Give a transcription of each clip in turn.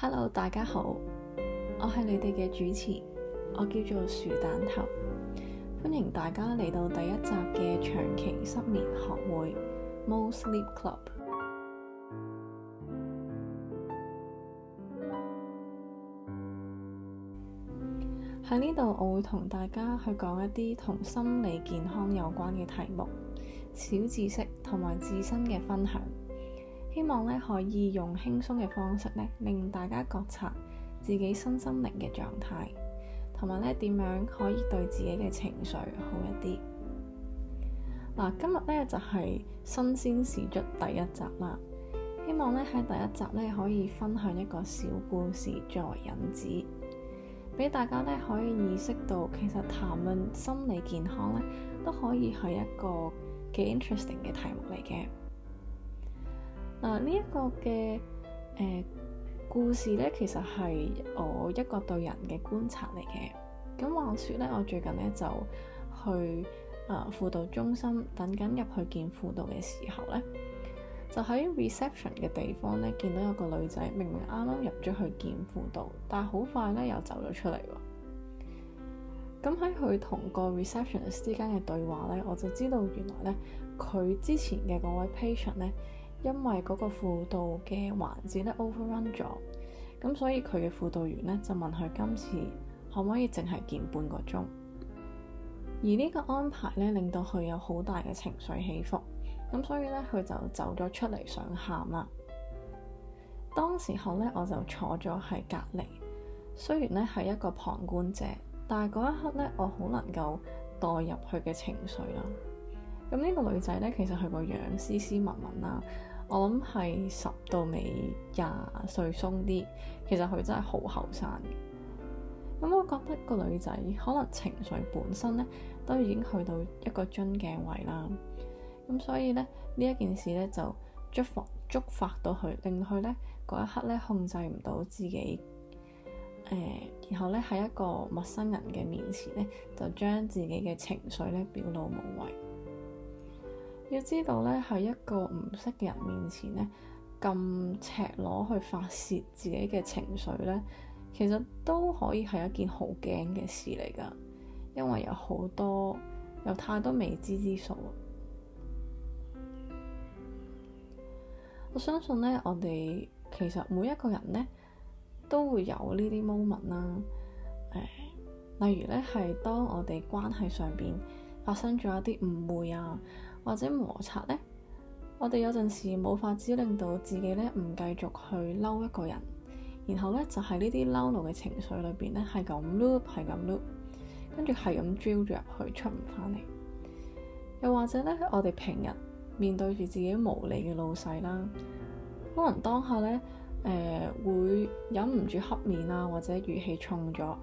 Hello，大家好，我係你哋嘅主持，我叫做薯蛋頭，歡迎大家嚟到第一集嘅長期失眠學會 Mo Sleep Club。喺呢度我會同大家去講一啲同心理健康有關嘅題目，小知識同埋自身嘅分享。希望咧可以用輕鬆嘅方式咧，令大家覺察自己身心靈嘅狀態，同埋咧點樣可以對自己嘅情緒好一啲。嗱，今日咧就係新鮮事足第一集啦。希望咧喺第一集咧可以分享一個小故事作為引子，俾大家咧可以意識到其實談論心理健康咧都可以係一個幾 interesting 嘅題目嚟嘅。啊！呢一個嘅誒、呃、故事咧，其實係我一個對人嘅觀察嚟嘅。咁話說咧，我最近咧就去啊輔導中心等緊入去見輔導嘅時候咧，就喺 reception 嘅地方咧見到有個女仔，明明啱啱入咗去見輔導，但係好快咧又走咗出嚟喎。咁喺佢同個 receptionist 之間嘅對話咧，我就知道原來咧佢之前嘅嗰位 patient 咧。因為嗰個輔導嘅環節咧 overrun 咗，咁所以佢嘅輔導員咧就問佢今次可唔可以淨係見半個鐘。而呢個安排咧令到佢有好大嘅情緒起伏，咁所以咧佢就走咗出嚟想喊啦。當時候咧我就坐咗喺隔離，雖然咧係一個旁觀者，但係嗰一刻咧我好能夠代入佢嘅情緒啦。咁呢個女仔咧其實佢個樣斯斯文文啦。我諗係十到尾廿歲鬆啲，其實佢真係好後生。咁、嗯、我覺得個女仔可能情緒本身咧都已經去到一個樽頸位啦。咁、嗯、所以咧呢一件事咧就觸發觸發到佢，令佢咧嗰一刻咧控制唔到自己。誒、呃，然後咧喺一個陌生人嘅面前咧，就將自己嘅情緒咧表露無遺。要知道咧，喺一個唔識嘅人面前咧，咁赤裸去發泄自己嘅情緒咧，其實都可以係一件好驚嘅事嚟㗎。因為有好多有太多未知之數。我相信咧，我哋其實每一個人呢都會有呢啲 moment 啦。誒，例如咧，係當我哋關係上邊發生咗一啲誤會啊。或者摩擦呢，我哋有陣時冇法子令到自己咧唔繼續去嬲一個人，然後咧就喺呢啲嬲怒嘅情緒裏邊咧係咁 loop，係咁 loop，跟住係咁 drew 咗入去，出唔翻嚟。又或者咧，我哋平日面對住自己無理嘅老細啦，可能當下呢，誒、呃、會忍唔住黑面啊，或者語氣重咗，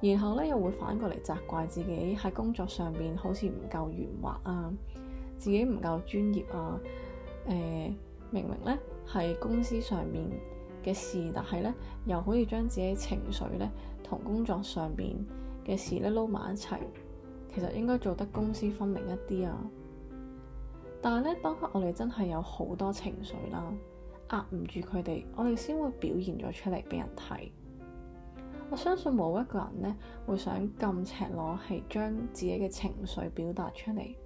然後咧又會反過嚟責怪自己喺工作上面好似唔夠圓滑啊。自己唔夠專業啊！誒，明明呢係公司上面嘅事，但係呢又可以將自己情緒呢同工作上面嘅事呢撈埋一齊，其實應該做得公私分明一啲啊！但係呢，當刻我哋真係有好多情緒啦，壓唔住佢哋，我哋先會表現咗出嚟畀人睇。我相信冇一個人呢會想咁赤裸係將自己嘅情緒表達出嚟。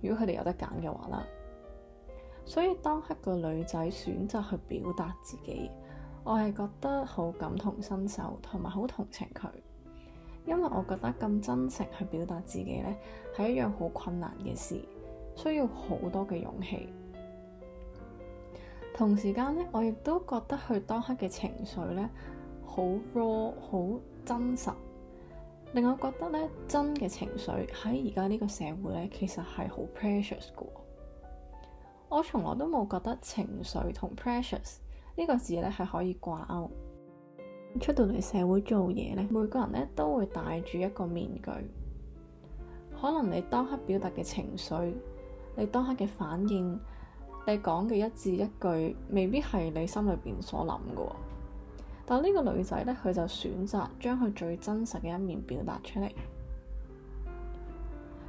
如果佢哋有得揀嘅話啦，所以當刻個女仔選擇去表達自己，我係覺得好感同身受，同埋好同情佢，因為我覺得咁真實去表達自己呢，係一樣好困難嘅事，需要好多嘅勇氣。同時間呢，我亦都覺得佢當刻嘅情緒呢，好 raw，好真實。令我覺得咧，真嘅情緒喺而家呢個社會咧，其實係好 precious 嘅。我從來都冇覺得情緒同 precious 呢個字咧係可以掛鈎。出到嚟社會做嘢咧，每個人咧都會戴住一個面具。可能你當刻表達嘅情緒，你當刻嘅反應，你講嘅一字一句，未必係你心裏邊所諗嘅。但呢個女仔呢，佢就選擇將佢最真實嘅一面表達出嚟。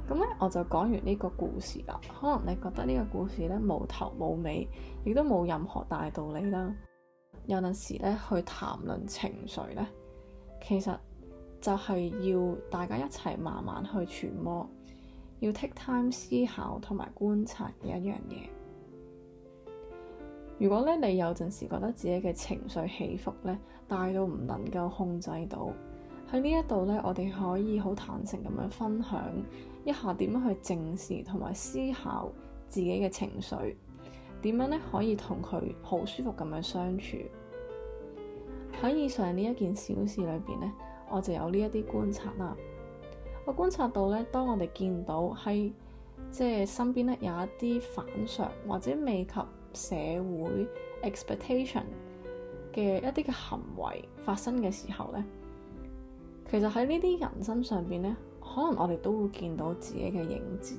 咁呢，我就講完呢個故事啦。可能你覺得呢個故事呢，冇頭冇尾，亦都冇任何大道理啦。有陣時呢，去談論情緒呢，其實就係要大家一齊慢慢去揣摩，要 take time 思考同埋觀察一樣嘢。如果咧你有陣時覺得自己嘅情緒起伏咧大到唔能夠控制到，喺呢一度咧，我哋可以好坦誠咁樣分享一下點樣去正視同埋思考自己嘅情緒，點樣咧可以同佢好舒服咁樣相處。喺以上呢一件小事裏邊咧，我就有呢一啲觀察啦。我觀察到咧，當我哋見到喺即係身邊咧有一啲反常或者未及。社會 expectation 嘅一啲嘅行為發生嘅時候咧，其實喺呢啲人身上邊咧，可能我哋都會見到自己嘅影子。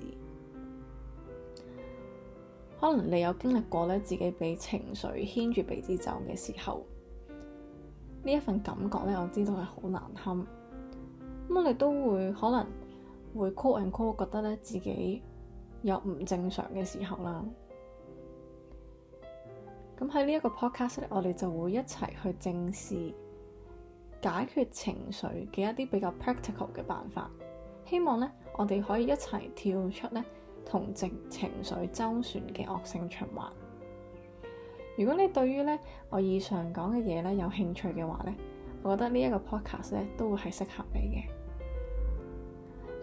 可能你有經歷過咧，自己被情緒牽住鼻子走嘅時候，呢一份感覺咧，我知道係好難堪。咁、嗯、我哋都會可能會 quote and quote，覺得咧自己有唔正常嘅時候啦。咁喺呢一個 podcast 咧，我哋就會一齊去正視解決情緒嘅一啲比較 practical 嘅辦法，希望咧我哋可以一齊跳出咧同情情緒周旋嘅惡性循環。如果你對於咧我以上講嘅嘢咧有興趣嘅話咧，我覺得呢一個 podcast 咧都會係適合你嘅。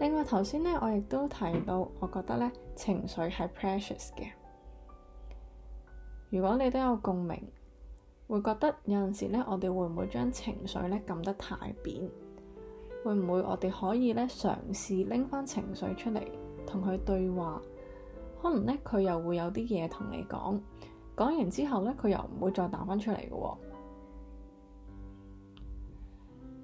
另外頭先咧，我亦都提到，我覺得咧情緒係 precious 嘅。如果你都有共鳴，會覺得有陣時咧，我哋會唔會將情緒咧撳得太扁？會唔會我哋可以咧嘗試拎翻情緒出嚟同佢對話？可能咧佢又會有啲嘢同你講，講完之後咧佢又唔會再打翻出嚟嘅喎。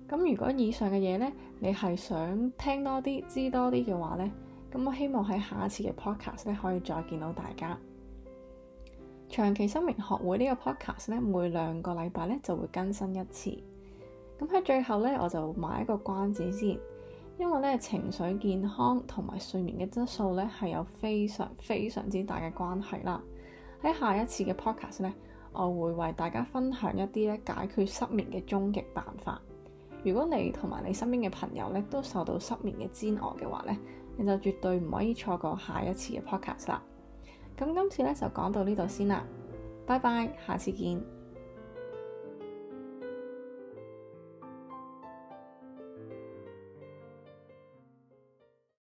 咁如果以上嘅嘢咧，你係想聽多啲、知多啲嘅話咧，咁我希望喺下一次嘅 podcast 咧可以再見到大家。長期失眠學會呢個 podcast 咧，每兩個禮拜咧就會更新一次。咁喺最後咧，我就賣一個關子先，因為咧情緒健康同埋睡眠嘅質素咧係有非常非常之大嘅關係啦。喺下一次嘅 podcast 咧，我會為大家分享一啲咧解決失眠嘅終極辦法。如果你同埋你身邊嘅朋友咧都受到失眠嘅煎熬嘅話咧，你就絕對唔可以錯過下一次嘅 podcast 啦。咁今次呢就講到呢度先啦，拜拜，下次見。